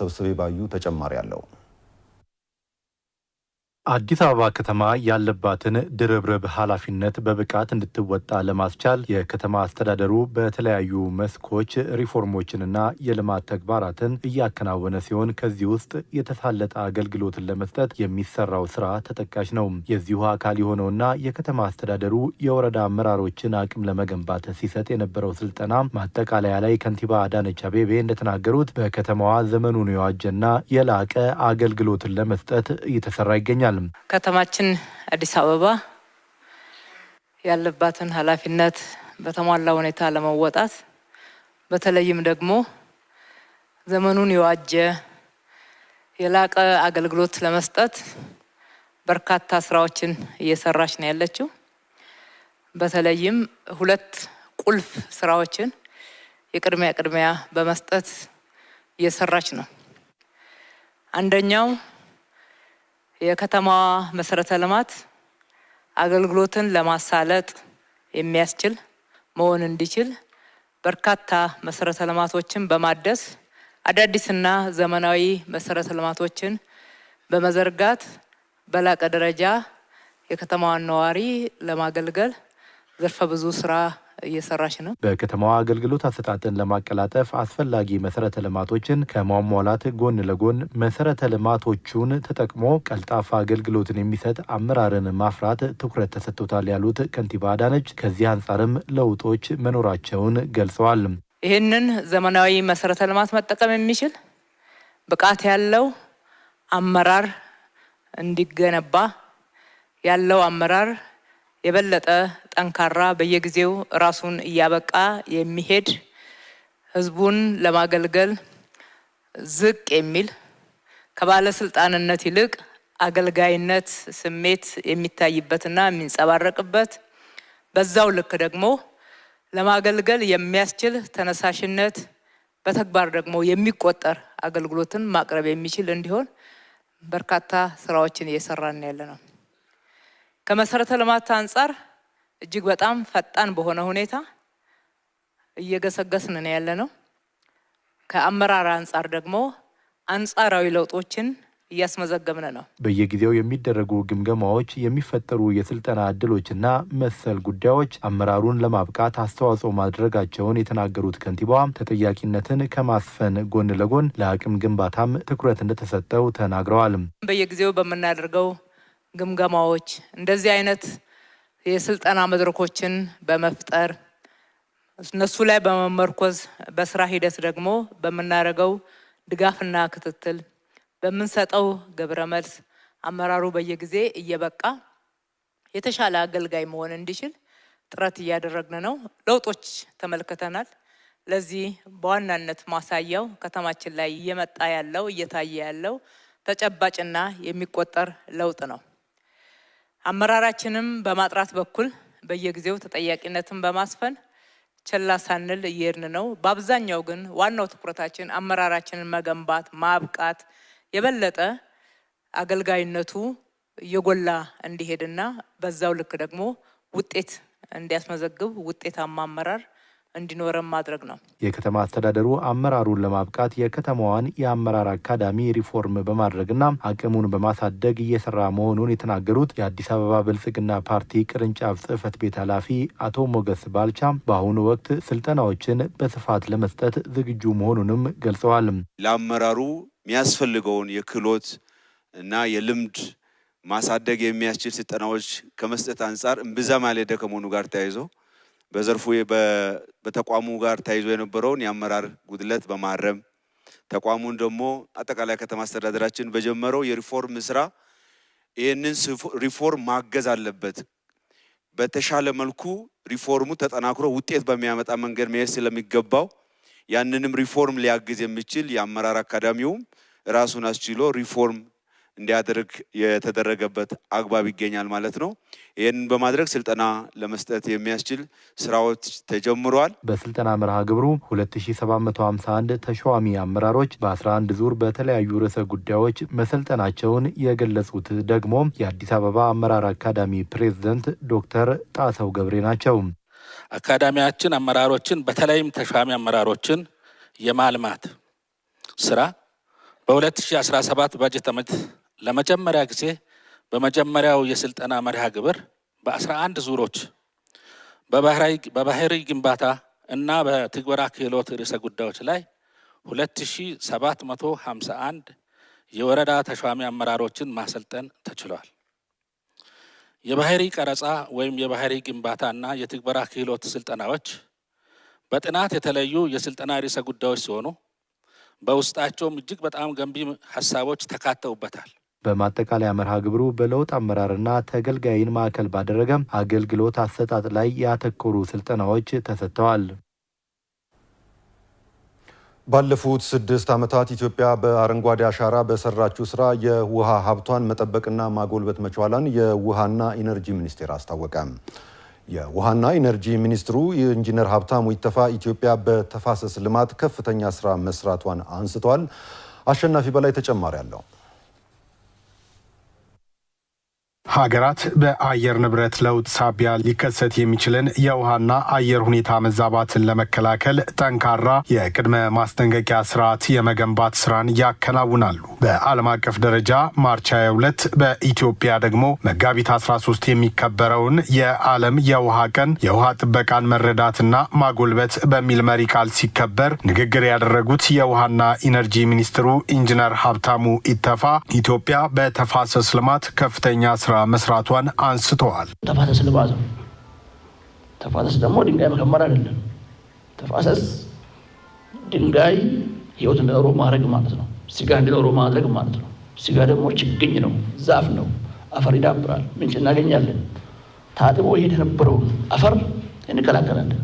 ሰብስቤ ባዩ ተጨማሪ አለው። አዲስ አበባ ከተማ ያለባትን ድርብርብ ኃላፊነት በብቃት እንድትወጣ ለማስቻል የከተማ አስተዳደሩ በተለያዩ መስኮች ሪፎርሞችንና የልማት ተግባራትን እያከናወነ ሲሆን ከዚህ ውስጥ የተሳለጠ አገልግሎትን ለመስጠት የሚሰራው ስራ ተጠቃሽ ነው። የዚሁ አካል የሆነውና የከተማ አስተዳደሩ የወረዳ አመራሮችን አቅም ለመገንባት ሲሰጥ የነበረው ስልጠና ማጠቃለያ ላይ ከንቲባ አዳነች አቤቤ እንደተናገሩት በከተማዋ ዘመኑን የዋጀና የላቀ አገልግሎትን ለመስጠት እየተሰራ ይገኛል። አልቻልም። ከተማችን አዲስ አበባ ያለባትን ኃላፊነት በተሟላ ሁኔታ ለመወጣት በተለይም ደግሞ ዘመኑን የዋጀ የላቀ አገልግሎት ለመስጠት በርካታ ስራዎችን እየሰራች ነው ያለችው። በተለይም ሁለት ቁልፍ ስራዎችን የቅድሚያ ቅድሚያ በመስጠት እየሰራች ነው። አንደኛው የከተማዋ መሰረተ ልማት አገልግሎትን ለማሳለጥ የሚያስችል መሆን እንዲችል በርካታ መሰረተ ልማቶችን በማደስ አዳዲስና ዘመናዊ መሰረተ ልማቶችን በመዘርጋት በላቀ ደረጃ የከተማዋን ነዋሪ ለማገልገል ዘርፈ ብዙ ስራ እየሰራች ነው። በከተማዋ አገልግሎት አሰጣጥን ለማቀላጠፍ አስፈላጊ መሰረተ ልማቶችን ከማሟላት ጎን ለጎን መሰረተ ልማቶቹን ተጠቅሞ ቀልጣፋ አገልግሎትን የሚሰጥ አመራርን ማፍራት ትኩረት ተሰጥቶታል ያሉት ከንቲባ አዳነች ከዚህ አንጻርም ለውጦች መኖራቸውን ገልጸዋል። ይህንን ዘመናዊ መሰረተ ልማት መጠቀም የሚችል ብቃት ያለው አመራር እንዲገነባ ያለው አመራር የበለጠ ጠንካራ፣ በየጊዜው ራሱን እያበቃ የሚሄድ ህዝቡን ለማገልገል ዝቅ የሚል ከባለስልጣንነት ይልቅ አገልጋይነት ስሜት የሚታይበትና የሚንጸባረቅበት በዛው ልክ ደግሞ ለማገልገል የሚያስችል ተነሳሽነት በተግባር ደግሞ የሚቆጠር አገልግሎትን ማቅረብ የሚችል እንዲሆን በርካታ ስራዎችን እየሰራን ያለ ነው። ከመሰረተ ልማት አንጻር እጅግ በጣም ፈጣን በሆነ ሁኔታ እየገሰገስን ነው ነው። ከአመራር አንጻር ደግሞ አንጻራዊ ለውጦችን እያስመዘገብን ነው። በየጊዜው የሚደረጉ ግምገማዎች፣ የሚፈጠሩ የስልጠና እድሎችና መሰል ጉዳዮች አመራሩን ለማብቃት አስተዋጽኦ ማድረጋቸውን የተናገሩት ከንቲባዋ ተጠያቂነትን ከማስፈን ጎን ለጎን ለአቅም ግንባታም ትኩረት እንደተሰጠው ተናግረዋል። በየጊዜው በምናደርገው ግምገማዎች እንደዚህ አይነት የስልጠና መድረኮችን በመፍጠር እነሱ ላይ በመመርኮዝ በስራ ሂደት ደግሞ በምናደርገው ድጋፍና ክትትል በምንሰጠው ግብረ መልስ አመራሩ በየጊዜ እየበቃ የተሻለ አገልጋይ መሆን እንዲችል ጥረት እያደረግን ነው። ለውጦች ተመልክተናል። ለዚህ በዋናነት ማሳያው ከተማችን ላይ እየመጣ ያለው እየታየ ያለው ተጨባጭና የሚቆጠር ለውጥ ነው። አመራራችንም በማጥራት በኩል በየጊዜው ተጠያቂነትን በማስፈን ችላ ሳንል እየሄድን ነው። በአብዛኛው ግን ዋናው ትኩረታችን አመራራችንን መገንባት፣ ማብቃት የበለጠ አገልጋይነቱ እየጎላ እንዲሄድና በዛው ልክ ደግሞ ውጤት እንዲያስመዘግብ ውጤታማ አመራር እንዲኖረን ማድረግ ነው። የከተማ አስተዳደሩ አመራሩን ለማብቃት የከተማዋን የአመራር አካዳሚ ሪፎርም በማድረግና አቅሙን በማሳደግ እየሰራ መሆኑን የተናገሩት የአዲስ አበባ ብልጽግና ፓርቲ ቅርንጫፍ ጽህፈት ቤት ኃላፊ አቶ ሞገስ ባልቻ በአሁኑ ወቅት ስልጠናዎችን በስፋት ለመስጠት ዝግጁ መሆኑንም ገልጸዋል። ለአመራሩ የሚያስፈልገውን የክህሎት እና የልምድ ማሳደግ የሚያስችል ስልጠናዎች ከመስጠት አንጻር እምብዛም ያልሄደ ከመሆኑ ጋር ተያይዘው በዘርፉ በተቋሙ ጋር ተያይዞ የነበረውን የአመራር ጉድለት በማረም ተቋሙን ደግሞ አጠቃላይ ከተማ አስተዳደራችን በጀመረው የሪፎርም ስራ ይህንን ሪፎርም ማገዝ አለበት። በተሻለ መልኩ ሪፎርሙ ተጠናክሮ ውጤት በሚያመጣ መንገድ መሄድ ስለሚገባው ያንንም ሪፎርም ሊያግዝ የሚችል የአመራር አካዳሚውም ራሱን አስችሎ ሪፎርም እንዲያደርግ የተደረገበት አግባብ ይገኛል ማለት ነው። ይህንን በማድረግ ስልጠና ለመስጠት የሚያስችል ስራዎች ተጀምረዋል። በስልጠና መርሃ ግብሩ 2751 ተሿሚ አመራሮች በ11 ዙር በተለያዩ ርዕሰ ጉዳዮች መሰልጠናቸውን የገለጹት ደግሞ የአዲስ አበባ አመራር አካዳሚ ፕሬዝደንት ዶክተር ጣሰው ገብሬ ናቸው። አካዳሚያችን አመራሮችን በተለይም ተሿሚ አመራሮችን የማልማት ስራ በ2017 ባጀት ዓመት ለመጀመሪያ ጊዜ በመጀመሪያው የስልጠና መርሃ ግብር በ11 ዙሮች በባህሪ ግንባታ እና በትግበራ ክህሎት ርዕሰ ጉዳዮች ላይ 2751 የወረዳ ተሿሚ አመራሮችን ማሰልጠን ተችሏል። የባህሪ ቀረጻ ወይም የባህሪ ግንባታ እና የትግበራ ክህሎት ስልጠናዎች በጥናት የተለዩ የስልጠና ርዕሰ ጉዳዮች ሲሆኑ በውስጣቸውም እጅግ በጣም ገንቢ ሀሳቦች ተካተውበታል። በማጠቃለያ መርሃ ግብሩ በለውጥ አመራርና ተገልጋይን ማዕከል ባደረገ አገልግሎት አሰጣጥ ላይ ያተኮሩ ስልጠናዎች ተሰጥተዋል። ባለፉት ስድስት ዓመታት ኢትዮጵያ በአረንጓዴ አሻራ በሰራችው ስራ የውሃ ሀብቷን መጠበቅና ማጎልበት መቻሏን የውሃና ኢነርጂ ሚኒስቴር አስታወቀ። የውሃና ኢነርጂ ሚኒስትሩ ኢንጂነር ሀብታሙ ኢተፋ ኢትዮጵያ በተፋሰስ ልማት ከፍተኛ ስራ መስራቷን አንስተዋል። አሸናፊ በላይ ተጨማሪ አለው። ሀገራት በአየር ንብረት ለውጥ ሳቢያ ሊከሰት የሚችልን የውሃና አየር ሁኔታ መዛባትን ለመከላከል ጠንካራ የቅድመ ማስጠንቀቂያ ስርዓት የመገንባት ስራን ያከናውናሉ። በዓለም አቀፍ ደረጃ ማርች 22 በኢትዮጵያ ደግሞ መጋቢት 13 የሚከበረውን የዓለም የውሃ ቀን የውሃ ጥበቃን መረዳትና ማጎልበት በሚል መሪ ቃል ሲከበር ንግግር ያደረጉት የውሃና ኢነርጂ ሚኒስትሩ ኢንጂነር ሀብታሙ ኢተፋ ኢትዮጵያ በተፋሰስ ልማት ከፍተኛ ስራ መስራቷን አንስተዋል። ተፋሰስ ልማት ነው። ተፋሰስ ደግሞ ድንጋይ መከመር አይደለም። ተፋሰስ ድንጋይ ህይወት እንዲኖሩ ማድረግ ማለት ነው። ስጋ እንዲኖሩ ማድረግ ማለት ነው። ስጋ ደግሞ ችግኝ ነው፣ ዛፍ ነው። አፈር ይዳብራል፣ ምንጭ እናገኛለን። ታጥቦ ይሄ የነበረው አፈር እንከላከላለን።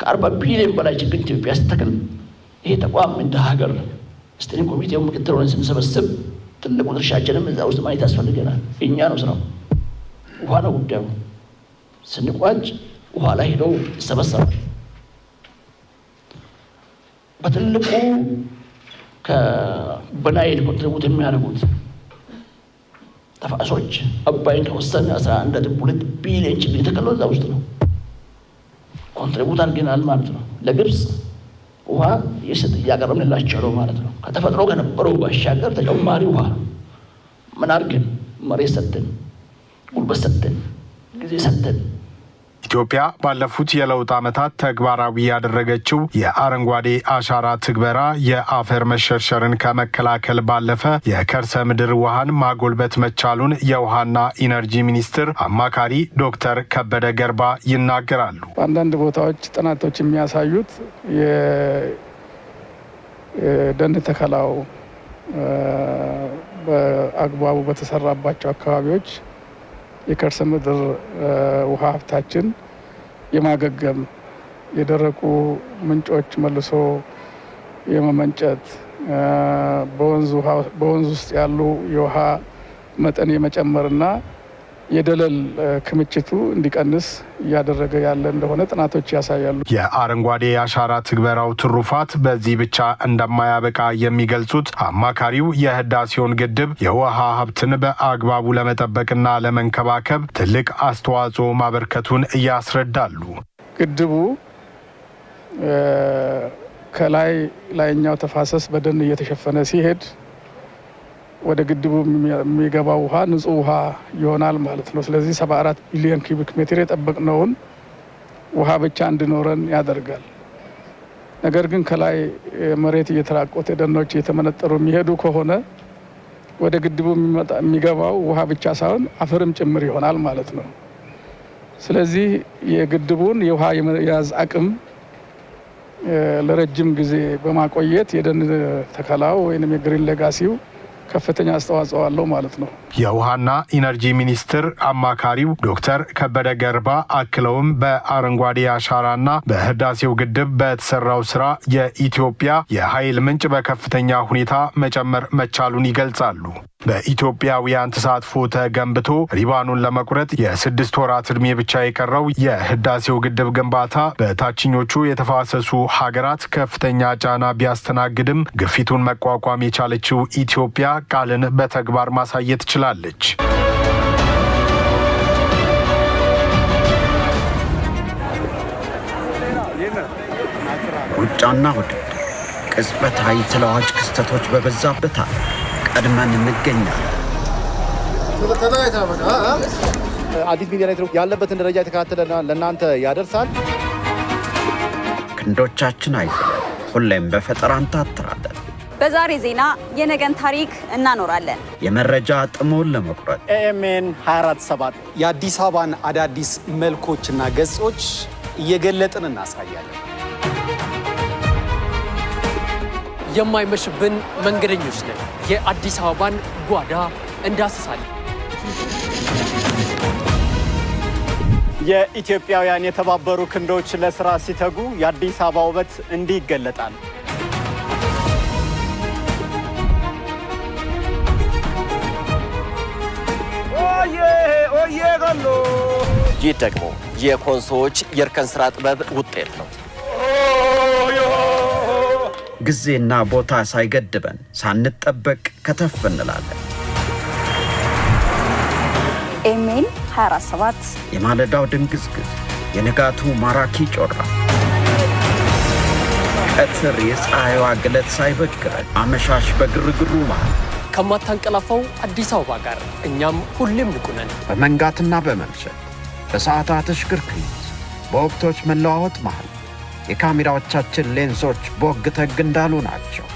ከአርባ ቢሊዮን በላይ ችግኝ ኢትዮጵያ ስትተክል ይሄ ተቋም እንደ ሀገር ስቴሪንግ ኮሚቴው ምክትል ሆነን ስንሰበስብ ትልቁ ድርሻችንም እዛ ውስጥ ማየት ያስፈልገናል። እኛ ነው ስራው፣ ውሃ ነው ጉዳዩ። ስንቋጭ ውሃ ላይ ሄደው ይሰበሰባል። በትልቁ ከበናይል ኮንትሪቡት የሚያደርጉት ተፋሶች አባይን ከወሰነ አስራ አንድ ነጥብ ሁለት ቢሊዮን ችግኝ የተከለው እዛ ውስጥ ነው። ኮንትሪቡት አድርገናል ማለት ነው ለግብፅ ውሃ የስጥ እያቀረብንላቸው ነው ማለት ነው። ከተፈጥሮ ከነበረው ባሻገር ተጨማሪ ውሃ ምን አድርግን? መሬት ሰጥን፣ ጉልበት ሰጥን፣ ጊዜ ሰጥን ኢትዮጵያ ባለፉት የለውጥ ዓመታት ተግባራዊ ያደረገችው የአረንጓዴ አሻራ ትግበራ የአፈር መሸርሸርን ከመከላከል ባለፈ የከርሰ ምድር ውሃን ማጎልበት መቻሉን የውሃና ኢነርጂ ሚኒስትር አማካሪ ዶክተር ከበደ ገርባ ይናገራሉ። አንዳንድ ቦታዎች ጥናቶች የሚያሳዩት የደን ተከላው በአግባቡ በተሰራባቸው አካባቢዎች የከርሰ ምድር ውሃ ሀብታችን የማገገም የደረቁ ምንጮች መልሶ የመመንጨት በወንዝ ውስጥ ያሉ የውሃ መጠን የመጨመርና የደለል ክምችቱ እንዲቀንስ እያደረገ ያለ እንደሆነ ጥናቶች ያሳያሉ። የአረንጓዴ አሻራ ትግበራው ትሩፋት በዚህ ብቻ እንደማያበቃ የሚገልጹት አማካሪው የህዳሴውን ግድብ የውሃ ሀብትን በአግባቡ ለመጠበቅና ለመንከባከብ ትልቅ አስተዋጽኦ ማበርከቱን እያስረዳሉ። ግድቡ ከላይ ላይኛው ተፋሰስ በደን እየተሸፈነ ሲሄድ ወደ ግድቡ የሚገባው ውሃ ንጹህ ውሃ ይሆናል ማለት ነው። ስለዚህ 74 ቢሊዮን ኪቢክ ሜትር የጠበቅነውን ውሃ ብቻ እንዲኖረን ያደርጋል። ነገር ግን ከላይ መሬት እየተራቆተ ደኖች እየተመነጠሩ የሚሄዱ ከሆነ ወደ ግድቡ የሚገባው ውሃ ብቻ ሳይሆን አፈርም ጭምር ይሆናል ማለት ነው። ስለዚህ የግድቡን የውሃ የመያዝ አቅም ለረጅም ጊዜ በማቆየት የደን ተከላው ወይም የግሪን ሌጋሲው ከፍተኛ አስተዋጽኦ አለው ማለት ነው። የውሃና ኢነርጂ ሚኒስትር አማካሪው ዶክተር ከበደ ገርባ አክለውም በአረንጓዴ አሻራና በህዳሴው ግድብ በተሰራው ስራ የኢትዮጵያ የኃይል ምንጭ በከፍተኛ ሁኔታ መጨመር መቻሉን ይገልጻሉ። በኢትዮጵያውያን ተሳትፎ ተገንብቶ ሪባኑን ለመቁረጥ የስድስት ወራት እድሜ ብቻ የቀረው የህዳሴው ግድብ ግንባታ በታችኞቹ የተፋሰሱ ሀገራት ከፍተኛ ጫና ቢያስተናግድም ግፊቱን መቋቋም የቻለችው ኢትዮጵያ ቃልን በተግባር ማሳየት ትችላለች። ሩጫና ውድድር፣ ቅጽበታዊ ተለዋጭ ክስተቶች በበዛበት ቀድመን እንገኛለን። አዲስ ሚዲያ ኔትወርክ ያለበትን ደረጃ የተከታተለ ለእናንተ ያደርሳል። ክንዶቻችን አይ ሁሌም በፈጠራ እንታትራለን። በዛሬ ዜና የነገን ታሪክ እናኖራለን። የመረጃ ጥሙን ለመቁረጥ ኤኤምኤን 247 የአዲስ አበባን አዳዲስ መልኮችና ገጾች እየገለጥን እናሳያለን። የማይመሽብን መንገደኞች ነን። የአዲስ አበባን ጓዳ እንዳስሳለን። የኢትዮጵያውያን የተባበሩ ክንዶች ለስራ ሲተጉ የአዲስ አበባ ውበት እንዲህ ይገለጣል። ይህ ደግሞ የኮንሶዎች የእርከን ስራ ጥበብ ውጤት ነው። ጊዜና ቦታ ሳይገድበን ሳንጠበቅ ከተፍ እንላለን። ኤሜን 247 የማለዳው ድንግዝግዝ፣ የንጋቱ ማራኪ ጮራ፣ ቀትር የፀሐይዋ ግለት ሳይበግረን፣ አመሻሽ በግርግሩ መሃል ከማታንቀላፋው አዲስ አበባ ጋር እኛም ሁሌም ንቁ ነን። በመንጋትና በመምሸት በሰዓታት እሽክርክሪት፣ በወቅቶች መለዋወጥ መሃል የካሜራዎቻችን ሌንሶች ቦግ ተግ እንዳሉ ናቸው።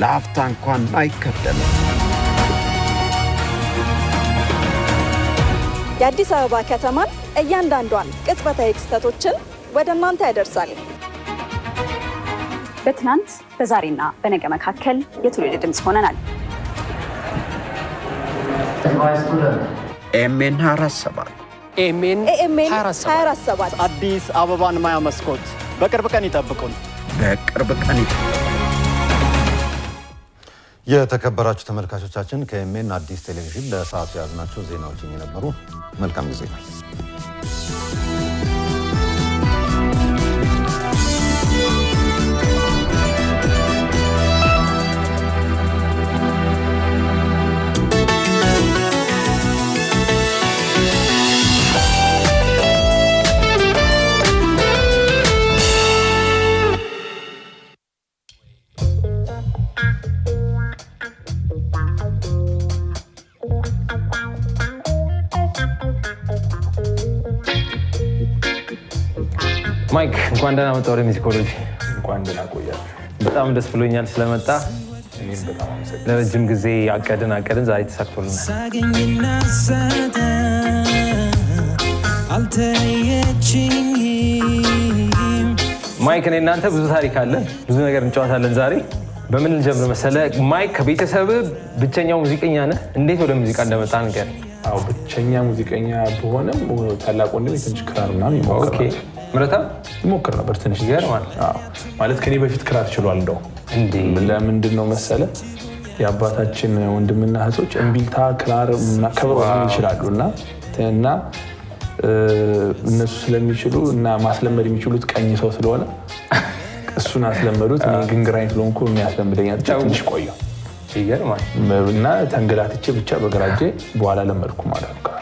ለአፍታ እንኳን አይከደንም። የአዲስ አበባ ከተማን እያንዳንዷን ቅጽበታዊ ክስተቶችን ወደ እናንተ ያደርሳል። በትናንት በዛሬና በነገ መካከል የትውልድ ድምፅ ሆነናል። ኤምኤን 24/7 ኤምኤን 24 አዲስ አበባን ማያ መስኮት በቅርብ ቀን ይጠብቁን። በቅርብ ቀን የተከበራችሁ ተመልካቾቻችን ከኤምኤን አዲስ ቴሌቪዥን ለሰዓቱ የያዝናቸው ዜናዎችን የነበሩ መልካም ጊዜ ነው። እንኳን ደህና መጣህ ወደ ሚዚኮሎጂ። እንኳን ደህና ቆያችሁ። በጣም ደስ ብሎኛል ስለመጣ። ለረጅም ጊዜ አቀድን አቀድን፣ ዛሬ ተሳክቶልናል። ማይክ፣ እኔ እናንተ ብዙ ታሪክ አለን፣ ብዙ ነገር እንጨዋታለን። ዛሬ በምን ልጀምር መሰለ? ማይክ፣ ከቤተሰብ ብቸኛው ሙዚቀኛ ነህ። እንዴት ወደ ሙዚቃ እንደመጣ ንገር። ብቸኛ ሙዚቀኛ በሆነም ታላቅ ወንድም ትንሽ ክራር ምናምን ይሞክራል ምረታ ሞክር ነበር ትንሽ ማለት ከኔ በፊት ክራር ችሏል። እንደው ለምንድን ነው መሰለ የአባታችን ወንድምና እህቶች እምቢልታ ክራር ከበሮ ይችላሉ እና እነሱ ስለሚችሉ እና ማስለመድ የሚችሉት ቀኝ ሰው ስለሆነ እሱን አስለመዱት። ግንግራኝ ስለሆንኩ የሚያስለምደኛ ትንሽ ቆየ እና ተንገላትቼ ብቻ በግራጄ በኋላ ለመድኩ ማለት ነው።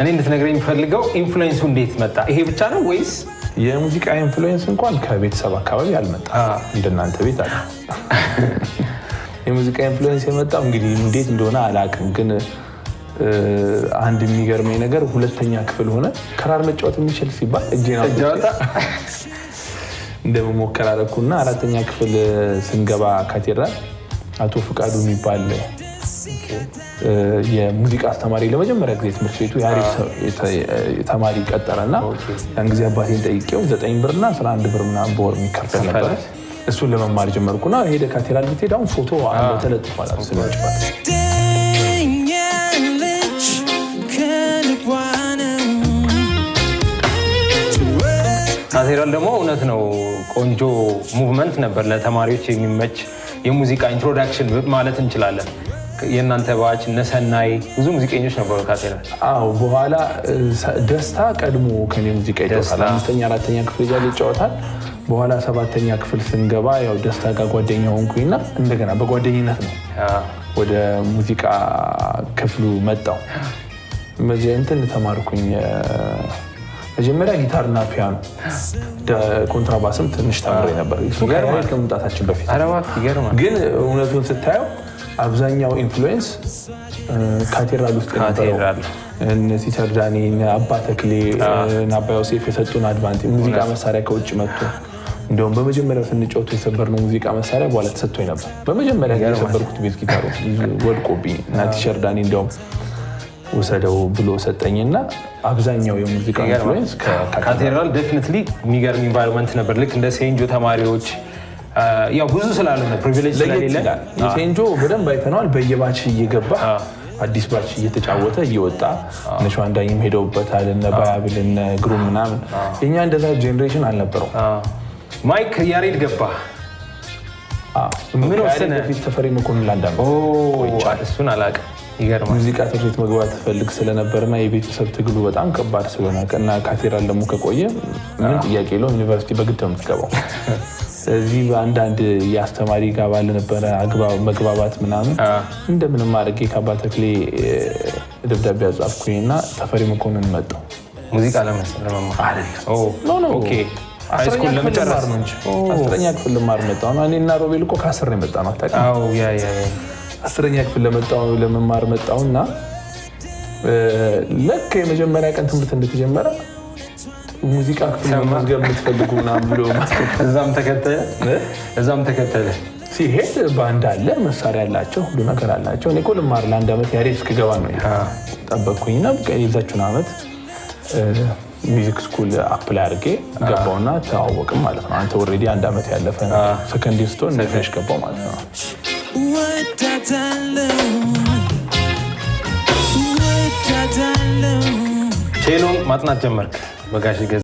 እኔ እንድትነግረኝ የሚፈልገው ኢንፍሉዌንሱ እንዴት መጣ? ይሄ ብቻ ነው ወይስ የሙዚቃ ኢንፍሉዌንስ እንኳን ከቤተሰብ አካባቢ አልመጣ እንደናንተ ቤት አለ። የሙዚቃ ኢንፍሉዌንስ የመጣው እንግዲህ እንዴት እንደሆነ አላውቅም፣ ግን አንድ የሚገርመኝ ነገር ሁለተኛ ክፍል ሆነ ክራር መጫወት የሚችል ሲባል እጄን እንደመሞከር አደረኩና አራተኛ ክፍል ስንገባ ካቴድራል አቶ ፍቃዱ የሚባል የሙዚቃ አስተማሪ ለመጀመሪያ ጊዜ ትምህርት ቤቱ የአሪፍ ተማሪ ቀጠረና ያን ጊዜ አባቴን ጠይቄው ዘጠኝ ብርና አስራ አንድ ብር ምናምን በወር የሚከፈል ነበረ። እሱን ለመማር ጀመርኩና ሄደ ካቴራ እንድትሄድ አሁን ፎቶ ተለጥፏል ስለ ካቴድራል ደግሞ እውነት ነው ቆንጆ ሙቭመንት ነበር። ለተማሪዎች የሚመች የሙዚቃ ኢንትሮዳክሽን ማለት እንችላለን። የእናንተ ባች ነሰናይ ብዙ ሙዚቀኞች ነበሩ። አዎ። በኋላ ደስታ ቀድሞ ከኔ ሙዚቃ ይጫወታል። አምስተኛ አራተኛ ክፍል እያለ ይጫወታል። በኋላ ሰባተኛ ክፍል ስንገባ ያው ደስታ ጋር ጓደኛ ሆንኩኝና እንደገና በጓደኝነት ነው ወደ ሙዚቃ ክፍሉ መጣው። እንትን ተማርኩኝ መጀመሪያ ጊታርና ፒያኖ፣ ኮንትራባስም ትንሽ ተምሬ ነበር ከመምጣታችን በፊት ግን እውነቱን ስታየው አብዛኛው ኢንፍሉዌንስ ካቴድራል ውስጥ ነበረው። እነዚህ ተርዳኒ አባ ተክሌ አባ ዮሴፍ የሰጡን አድቫንቴጅ ሙዚቃ መሳሪያ ከውጭ መጥቶ እንዲሁም በመጀመሪያው ስንጫወቱ የሰበርነው ሙዚቃ መሳሪያ በኋላ ተሰጥቶኝ ነበር። በመጀመሪያ የሰበርኩት ቤት ጊታሩ ወድቆብኝ እና ቲሸርዳኒ እንዲያውም ውሰደው ብሎ ሰጠኝ ሰጠኝና አብዛኛው የሙዚቃ ኢንፍሉዌንስ ካቴድራል ዴፊኒትሊ የሚገርም ኢንቫይሮንመንት ነበር። ልክ እንደ ሴንጆ ተማሪዎች ያው ብዙ ስላልሆነ ፕሪቪሌጅ ስለሌለ ሴንጆ በደንብ አይተነዋል። በየባች እየገባ አዲስ ባች እየተጫወተ እየወጣ ነሸ አንዳኝም ሄደውበታል እነ ባያብል እነ ግሩም ምናምን። የኛ እንደዛ ጄኔሬሽን አልነበረው። ማይክ ያሬድ ገባ ምን ወሰነ? በፊት ተፈሪ መኮንን ላንዳም እሱን አላውቅም። ይገርማል። ሙዚቃ ትምህርት ቤት መግባት ትፈልግ ስለነበርና የቤተሰብ ትግሉ በጣም ከባድ ስለሆነ እና ካቴራል ደግሞ ከቆየ ምን ጥያቄ የለውም ዩኒቨርሲቲ በግድ ነው የምትገባው። ስለዚህ በአንዳንድ የአስተማሪ ጋር ባለነበረ መግባባት ምናምን እንደምንም አድርጌ ከአባ ተክሌ ደብዳቤ አጻፍኩኝ እና ተፈሪ መኮንን መጣው ሙዚቃ ለመማር ሃይስኩል ለመጨረስ ነው እንጂ አስረኛ ክፍል ልማር መጣሁ ነው። እኔና ሮቤል እኮ ከአስር ነው የመጣ ነው። አስረኛ ክፍል ለመማር መጣው እና ልክ የመጀመሪያ ቀን ትምህርት እንደተጀመረ ሙዚቃ ክፍል መዝገብ የምትፈልጉ ምናምን ብሎ እዛም ተከተለ እዛም ተከተለ ሲሄድ ባንድ አለ፣ መሳሪያ አላቸው፣ ሁሉ ነገር አላቸው። እኔ እኮ ልማር ለአንድ ዓመት ያሬድ እስክገባ ነው ጠበቅኩኝ። ጠበቅኩኝና የዛችሁን ዓመት ሚዚክ ስኩል አፕላይ አድርጌ ገባውና ተዋወቅም ማለት ነው። አንተ ኦልሬዲ አንድ ዓመት ያለፈ ሰከንድ ስቶ ነሽ ገባው ማለት ነው። ቼሎ ማጥናት ጀመርክ? 我感觉。